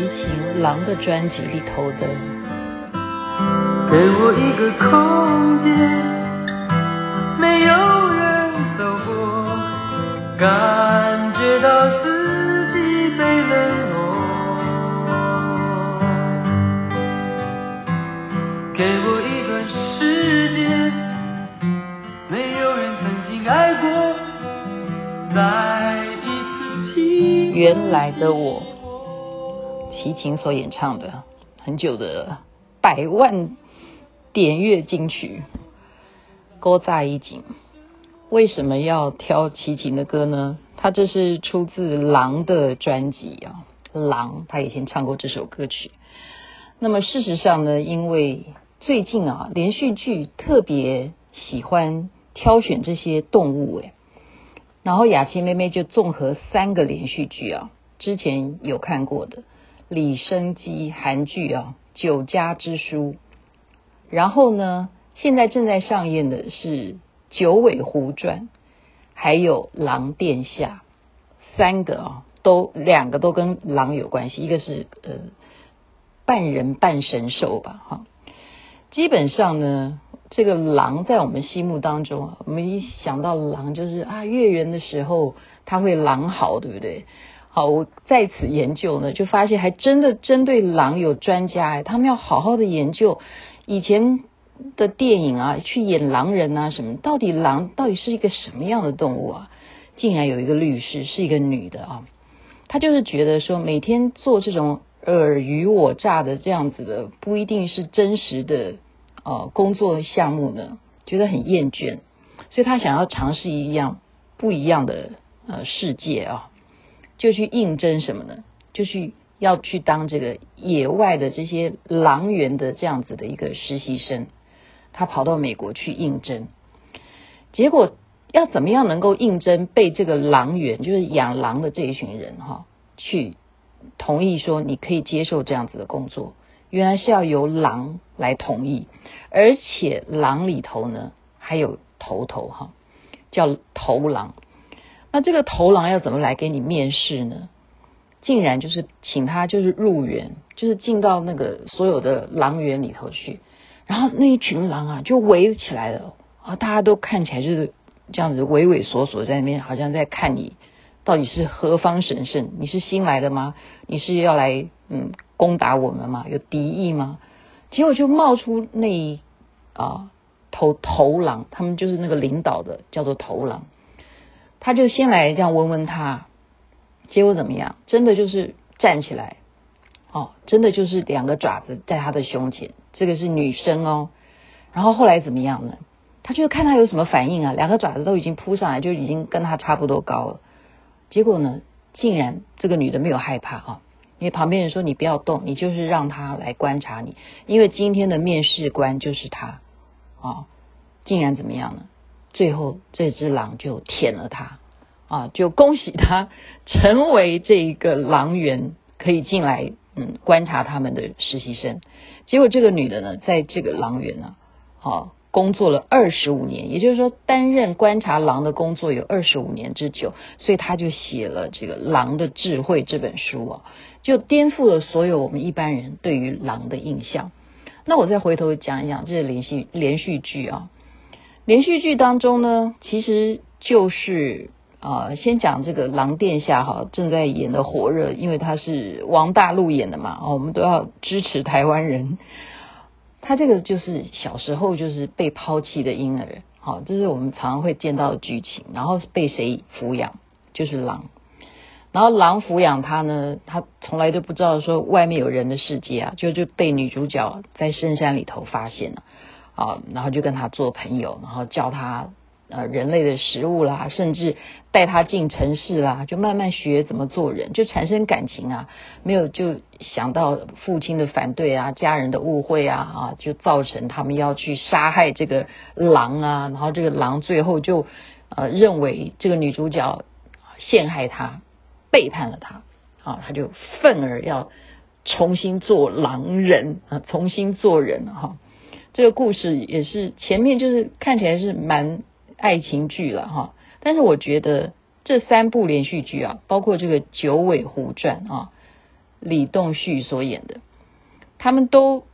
齊秦《狼》的專輯裡頭的，給我一個空間，沒有人走過，感覺到自己被冷落，給我一段時間，沒有人曾經愛過，再一起聽，聽原來的我。齊秦所演唱的很久的百萬點閱金曲《勾扎一景》。為什麼要挑齊秦的歌呢？他這是出自《狼》的專輯啊，《狼》他以前唱過這首歌曲。那麼事實上呢？因為最近啊，連續劇特別喜歡挑選這些動物誒，然後雅琪妹妹就綜合三個連續劇啊，之前有看過的。李生昇基韓劇啊、哦，《九家之書》，然後呢，現在正在上演的是《九尾狐傳》，還有《狼殿下》，三個啊、哦，都兩個都跟狼有關係，一個是呃，半人半神獸吧，哈、哦。基本上呢，這個狼在我們心目當中，我們一想到狼就是啊，月圓的時候它會狼嚎，對不對？我在此研究呢，就發現還真的針對狼有專家哎，他們要好好的研究以前的電影啊，去演狼人啊什麼，到底狼到底是一個什麼樣的動物啊？竟然有一個律師是一個女的啊，她就是覺得說每天做這種爾虞我詐的這樣子的，不一定是真實的呃工作項目呢，覺得很厭倦，所以她想要嘗試一樣不一樣的呃世界啊。就去應徵什麼呢？就去、是、要去當這個野外的這些狼園的這樣子的一個實習生。他跑到美國去應徵，結果要怎麼樣能夠應徵被這個狼園，就是養狼的這一群人哈，去同意說你可以接受這樣子的工作。原來是要由狼來同意，而且狼裡頭呢還有頭頭哈，叫頭狼。那這個頭狼要怎麼來給你面試呢？竟然就是請他就是入園，就是進到那個所有的狼園裡頭去，然後那一群狼啊就圍起來了啊，大家都看起來就是這樣子畏畏縮縮在那邊，好像在看你到底是何方神聖？你是新來的嗎？你是要來嗯攻打我們嗎？有敵意嗎？結果就冒出那一啊頭頭狼，他們就是那個領導的，叫做頭狼。他就先來這樣問問他，結果怎麼樣？真的就是站起來，哦，真的就是兩個爪子在他的胸前，這個是女生哦。然後後來怎麼樣呢？他就看他有什麼反應啊，兩個爪子都已經撲上來，就已經跟他差不多高了。結果呢，竟然這個女的沒有害怕啊，哦，因為旁邊人說你不要動，你就是讓他來觀察你，因為今天的面試官就是他啊，哦，竟然怎麼樣呢？最後，這隻狼就舔了他啊！就恭喜他成為這個狼園可以進來嗯觀察他們的實習生。結果，這個女的呢，在這個狼園啊，啊、啊、工作了二十五年，也就是說，擔任觀察狼的工作有二十五年之久。所以，她就寫了這個《狼的智慧》這本書啊，就顛覆了所有我們一般人對於狼的印象。那我再回頭講一講這是連續連續劇啊。連續劇當中呢，其實就是啊、呃，先講這個狼殿下哈，正在演的火熱，因為他是王大陸演的嘛，哦，我們都要支持台灣人。他這個就是小時候就是被拋棄的嬰兒，好、哦，這是我們常會見到的劇情。然後被誰撫養，就是狼。然後狼撫養他呢，他從來都不知道說外面有人的世界啊，就就被女主角在深山裡頭發現了、啊。啊，然後就跟他做朋友，然後教他呃人類的食物啦，甚至帶他進城市啦，就慢慢學怎麼做人，就產生感情啊。沒有就想到父親的反對啊，家人的誤會啊啊，就造成他們要去殺害這個狼啊。然後這個狼最後就呃認為這個女主角陷害他，背叛了他啊，他就憤而要重新做狼人啊，重新做人哈、啊。這個故事也是前面就是看起來是蠻愛情劇了哈，但是我覺得這三部連續劇啊，包括這個《九尾狐傳》啊，李棟旭所演的，他們都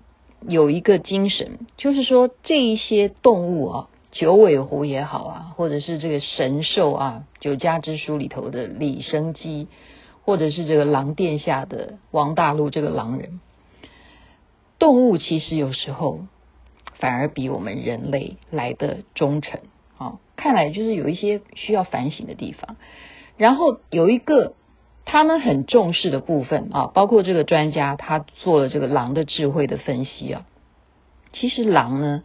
有一個精神，就是說這一些動物啊，九尾狐也好啊，或者是這個神獸啊，《九家之書》裡頭的李昇基，或者是這個狼殿下的王大陸這個狼人，動物其實有時候。反而比我們人類來得忠誠啊、哦！看來就是有一些需要反省的地方。然後有一個他們很重視的部分啊、哦，包括這個專家他做了這個狼的智慧的分析啊、哦。其實狼呢，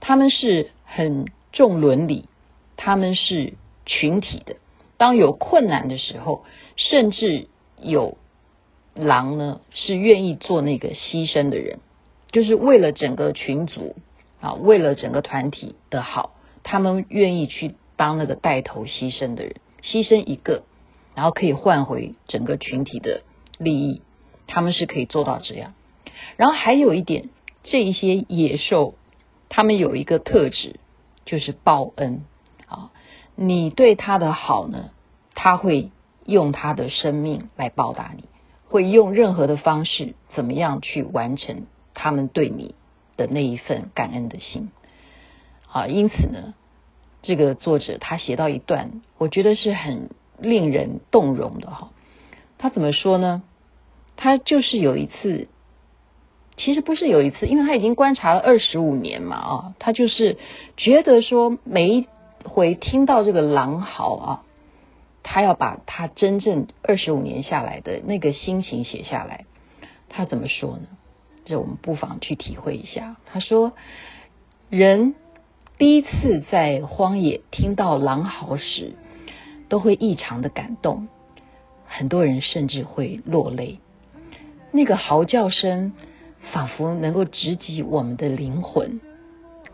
他們是很重倫理，他們是群體的。當有困難的時候，甚至有狼呢是願意做那個犧牲的人。就是為了整個群組啊，為了整個團體的好，他們願意去當那個帶頭犧牲的人，犧牲一個，然後可以換回整個群體的利益，他們是可以做到這樣。然後還有一點，這一些野獸，他們有一個特質，就是報恩啊，你對他的好呢，他會用他的生命來報答你，會用任何的方式，怎麼樣去完成。他們對你的那一份感恩的心啊，因此呢，這個作者他寫到一段，我覺得是很令人動容的哈。他怎麼說呢？他就是有一次，其實不是有一次，因為他已經觀察了二十五年嘛啊，他就是覺得說每一回聽到這個狼嚎啊，他要把他真正二十五年下來的那個心情寫下來。他怎麼說呢？這我們不妨去體會一下。他說，人第一次在荒野聽到狼嚎時，都會異常的感動，很多人甚至會落淚。那個嚎叫聲仿佛能夠直擊我們的靈魂，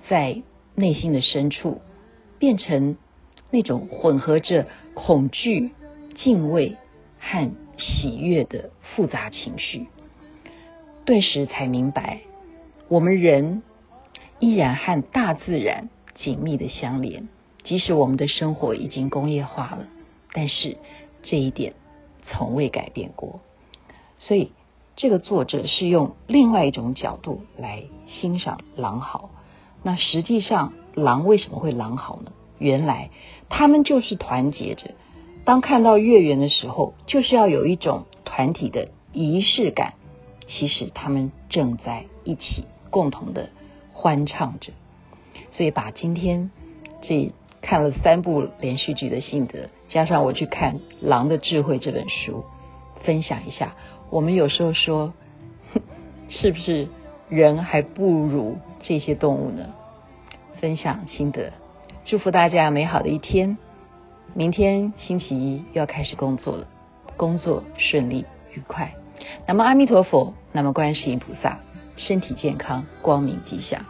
在內心的深處，變成那種混合着恐懼、敬畏和喜悅的複雜情緒。頓時才明白，我們人依然和大自然緊密的相連，即使我們的生活已經工業化了，但是這一點從未改變過。所以，這個作者是用另外一種角度來欣賞狼嚎。那實際上，狼為什麼會狼嚎呢？原來，他們就是團結着。當看到月圓的時候，就是要有一種團體的儀式感。其實他們正在一起共同的歡唱着，所以把今天這看了三部連續劇的心得，加上我去看《狼的智慧》這本書，分享一下。我們有時候說，是不是人還不如這些動物呢？分享心得，祝福大家美好的一天。明天星期一要開始工作了，工作順利愉快。南無阿彌陀佛，南無觀世音菩薩，身體健康，光明吉祥。